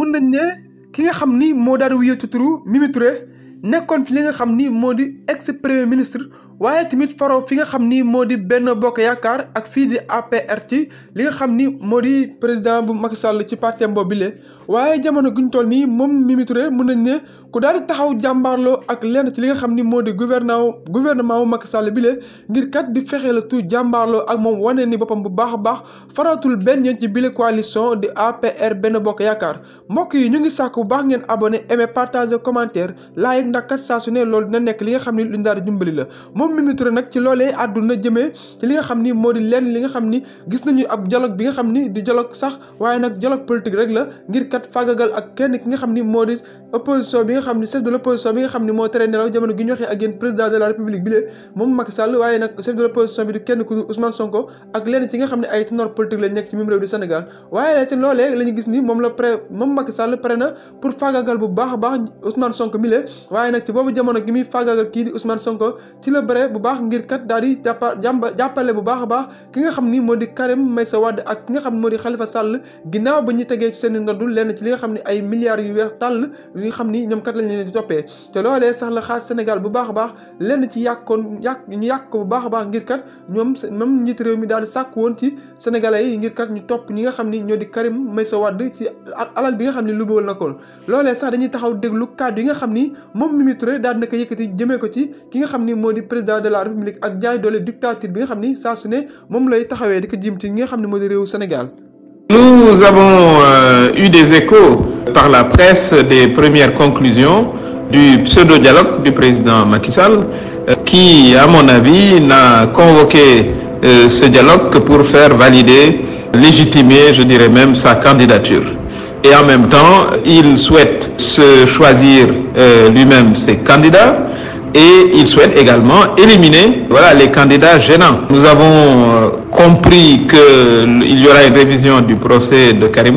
mun nañ ne ki nga xam ni moo daal di Mimi Touré nekkoon fi li nga xam ni moo di ex premier ministre waaye tamit faro fi nga xam ni moo di benn Bokk Yaakaar ak fii di APR ci li nga xam ni moo di président bu Macky sàll ci parti boobu bile waaye jamono guñ toll nii moom Mimi mun nañ ne ku daal di taxaw jàmbaarloo ak lenn ci li nga xam ni moo di gouvernement gouvernement bu Macky Sall bile ngir kat di fexe la tout jàmbaarloo ak moom wane ni boppam bu baax a baax faratul benn yoon ci bile coalition di APR benn Bokk Yaakaar mbokk yi ñu ngi sàkk bu baax ngeen abonné aimé partager commentaire laaj ndax saa su ne loolu dina nekk li nga xam ni luñ daal di dimbali la moom Mimi Touré nag ci loolee àdduna jëmee ci li nga xam ni moo di lenn li nga xam ni gis nañu ab dialogue bi nga xam ni di dialogue sax waaye nag dialogue politique rek la ngir kat fagagal ak kenn ki nga xam ni moo di opposition bi nga xam ni chef de moo tere nelaw jamono gi ñu waxee ak yéen président de la république bi lee moom Macky Sall waaye nag chef de l' opposition bi du kenn ku Ousmane Sonko ak lenn ci nga xam ne ay tenor politique lañ nekk ci mim réew di Sénégal waaye la ñu gis ni moom la pré moom Macky Sall pré na pour fagagal bu baax a baax ci boobu fexe bu baax ngir kat daal di jàppa jàppale baax a baax ki nga xam ni moo di ba ñu tegee ci seen ndoddu lenn ci li bu baax a baax lenn ci yàqoon a baax ngir kat ñoom même njiit réew mi daal di sàkk woon ci sénégalais yi ngir kat ñu topp ñi nga xam ni ñoo di Karim Meïssa Wade ci alal bi nga xam ne lu bool na ko loolee sax dañuy taxaw déglu kàddu yi nga xam ni moom Mimi Touré daal na ko yëkkati jëmee ko ci ki nga xam ni moo di président de la république ak jaay doole dictature bi nga xam ni saa su ne moom lay taxawee di ko jëm ci nga xam ne moo di réewu Sénégal. Nous avons euh, eu des échos par la presse des premières conclusions du pseudo-dialogue du président Macky Sall, euh, qui, à mon avis, n'a convoqué euh, ce dialogue pour faire valider, légitimer, je dirais même, sa candidature. Et en même temps, il souhaite se choisir euh, lui-même ses candidats. et il souhaite les candidats gênants. Nous avons euh, compris du procès de Karim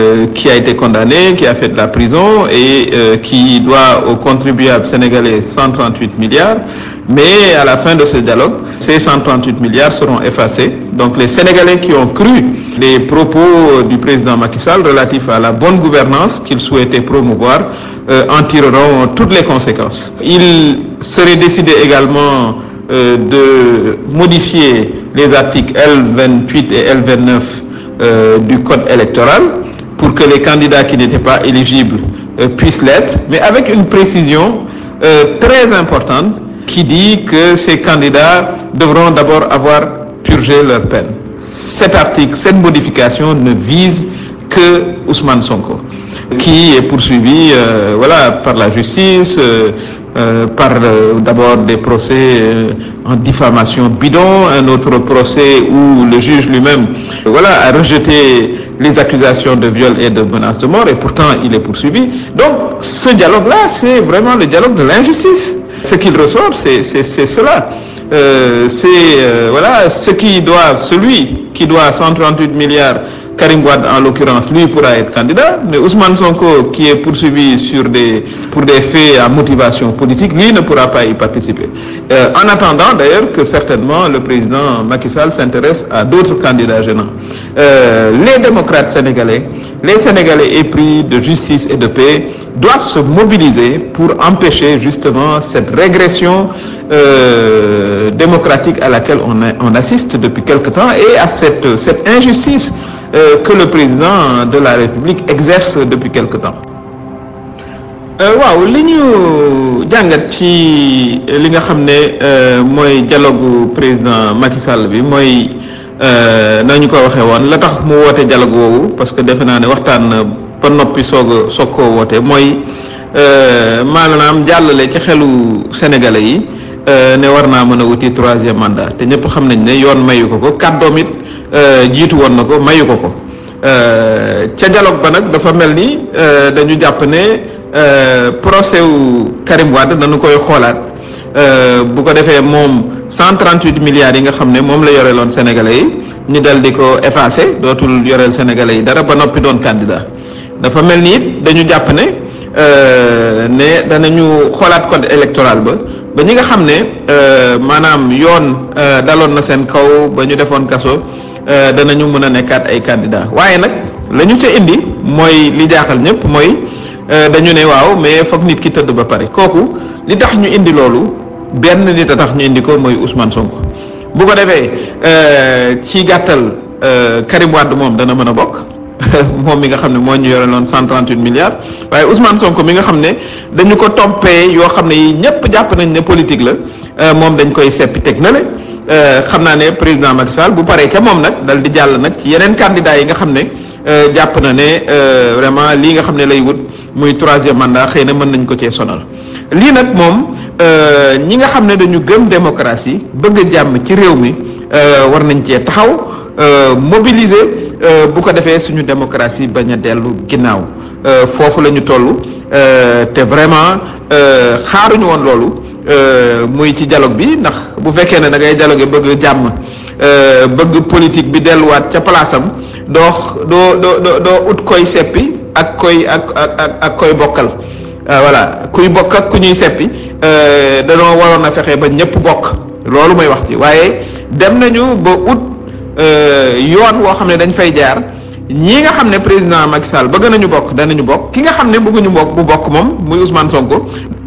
euh, qui a été condamné, qui a fait de la prison et euh, qui doit aux contribuables Mais à la fin de ce dialogue, ces 138 milliards seront effacés. Donc les Sénégalais qui cru les propos du président Macky Sall relatifs à la bonne gouvernance qu'il souhaitait promouvoir euh, en tireront toutes les conséquences. Il serait décidé également euh, de modifier les articles L28 et L29 euh, du code électoral pour que les candidats qui n'étaient pas éligibles euh, puissent l'être, mais avec une précision euh, très importante qui dit que ces candidats devront d'abord avoir purgé leur peine. Cet article, cette modification ne vise que Ousmane Sonko, qui est poursuivi euh, voilà, par la justice, euh, euh, par euh, d'abord des procès euh, en diffamation bidon, un autre procès où le juge lui-même voilà, a rejeté les accusations de viol et de menace de mort et pourtant il est poursuivi. Donc ce dialogue-là, c'est vraiment le dialogue de l'injustice. Ce qu'il ressort, c'est cela. Euh, c'est euh, voilà, ce qui doit, celui qui doit 138 milliards Karim Wade en l'occurrence lui pourra être candidat mais Ousmane Sonko qui est poursuivi sur des pour des faits à motivation politique lui ne pourra pas y participer euh, en attendant d'ailleurs que certainement le président Macky Sall s'intéresse à d'autres candidats gênants euh, les démocrates sénégalais les Sénégalais épris de justice et de paix doivent se mobiliser pour empêcher justement cette régression euh, démocratique à laquelle on, a, on assiste depuis quelque temps et à cette cette injustice euh, que le président de la République exerce depuis quelque temps euh, waaw li ñu jàngat ci li nga xam ne euh, mooy jaloogu président Macky sàll bi mooy euh, nañu ko waxee woon la tax mu woote dialogue woowu parce que defe naa ne waxtaan ba noppi soog a soog koo wootee mooy na am jàllale ci xelu sénégalais yi ne war naa mën a wuti troisième mandat te ñëpp xam nañ ne yoon mayu ko ko kàddoom it Euh, jiitu woon na ko mayu ko ko euh, ca jaloog ba nag dafa mel ni euh, dañu jàpp ne procès wu Karim Wade dañu koy xoolaat bu ko defee moom 138 milliards yi nga xam ne moom la yoreloon Sénégalais yi ñu dal di ko effacé dootul yoreel Sénégalais yi dara ba noppi doon candidat dafa mel ni dañu jàpp ne ne danañu xoolaat code électoral ba ba ñi nga xam ne maanaam yoon daloon na seen kaw ba ñu defoon kaso. Euh, danañu mën a nekkaat ay candidats waaye nag lañu ñu indi mooy li jaaxal ñëpp mooy euh, dañu ne waaw mais foog nit ki tëdd ba pare kooku li tax ñu indi loolu benn nit a tax ñu indi ko mooy Ousmane Sonko bu ko defee euh, ci gàttal Karim Wade moom dana mën a bokk moom mi nga xam ne moo ñu yore loon 138 milliards waaye Ousmane Sonko mi nga xam ne dañu ko toppee yoo xam ne yi ñëpp jàpp nañ ne politique la moom dañ koy seppi teg na le Euh, xam naa ne président Macky Sall bu paree ca moom nag dal di jàll nag ci yeneen candidats yi nga xam ne euh, jàpp na ne euh, vraiment lii nga xam ne lay wut muy troisième mandat xëy na mën nañ ko cee sonal lii nag moom ñi nga xam ne dañu gëm démocratie bëgg jàmm ci réew mi war nañ cee taxaw mobiliser bu ko defee suñu démocratie bañ a dellu ginnaaw foofu la ñu toll te vraiment xaaruñu woon loolu. Euh, muy ci jaloog bi ndax bu fekkee ne da ngay dialogue bëgg jàmm euh, bëgg politique bi delluwaat ca place am doo doo doo doo ut koy seppi ak koy ak ak ak koy bokkal euh, voilà kuy bokk ak ku ñuy seppi danoo waroon a fexe ba ñëpp bokk loolu mooy wax ci waaye dem nañu ba ut yoon woo xam ne dañ fay jaar ñii nga xam ne président Macky Sall bëgg nañu bokk danañu bokk ki nga xam ne bëgguñu bokk bu bokk moom muy Ousmane Sonko.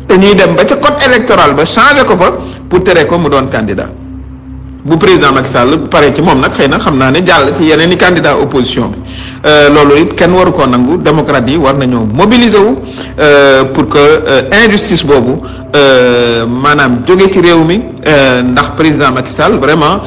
te ñuy dem ba ca code électoral ba changé ko fa pour tere ko mu doon candidat bu président Macky Sall pare ci moom nag xëy na xam naa ne jàll ci yeneen i candidat opposition bi euh, loolu it kenn waru koo nangu démocrate yi war nañoo mobiliser wu euh, pour que euh, injustice boobu maanaam jóge ci réew mi ndax président Macky Sall vraiment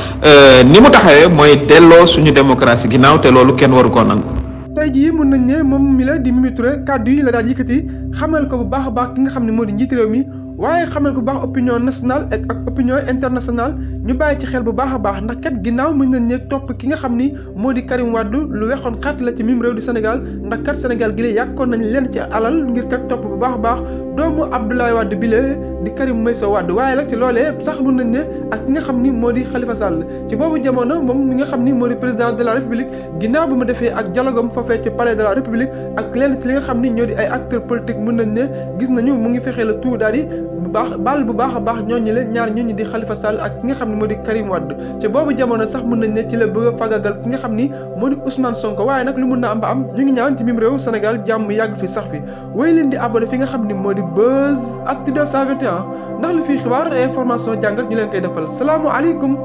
ni mu taxawee mooy delloo suñu démocratie ginnaaw te loolu kenn waru koo nangu. tey jii mën na ne moom mi la di Mimi Touré kàddu yi la daal yëkkati xamal ko bu baax baax ki nga xam ne moo di njiit réew waaye xamee ko baax opinion nationale ak ak opinion internationale ñu bàyyi ci xel bu baax a baax ndax kat ginnaaw mën nañ ne topp ki nga xam ni moo di Karim Wade lu wexoon xat la ci mim réew di Sénégal ndax kat Sénégal gi la yàkkoon nañ leen ci alal ngir kat topp bu baax a baax doomu Abdoulaye Wade bi la di Karim Meïssa Wade waaye nag ci loolee sax mën nañ ne ak ki nga xam ni moo di Khalifa Sall ci boobu jamono moom mi nga xam ni moo di président de la République ginnaaw bi mu defee ak dialogue foofee ci palais de la République nga xam ni ñoo di ay acteurs politiques mën nañ ne gis nañu mu ngi fexee la tout daal bu baax baal bu baax a baax ñooñu leen ñaar ñooñu di xalifa Sall ak ki nga xam ne moo di Karim Wade ci boobu jamono sax mën nañ ne ci la bëgg a fagagal ki nga xam ni moo di Ousmane Sonko waaye nag lu mën na am ba am ñu ngi ñaan ci mim réew Sénégal jàmm yàgg fi sax fi wéy leen di abonné fi nga xam ni moo di Buzz Actu 221 ndax lu fi xibaar information jàngat ñu leen koy defal salaamu aleykum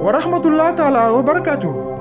wa rahmatullah taala wa barakaatu.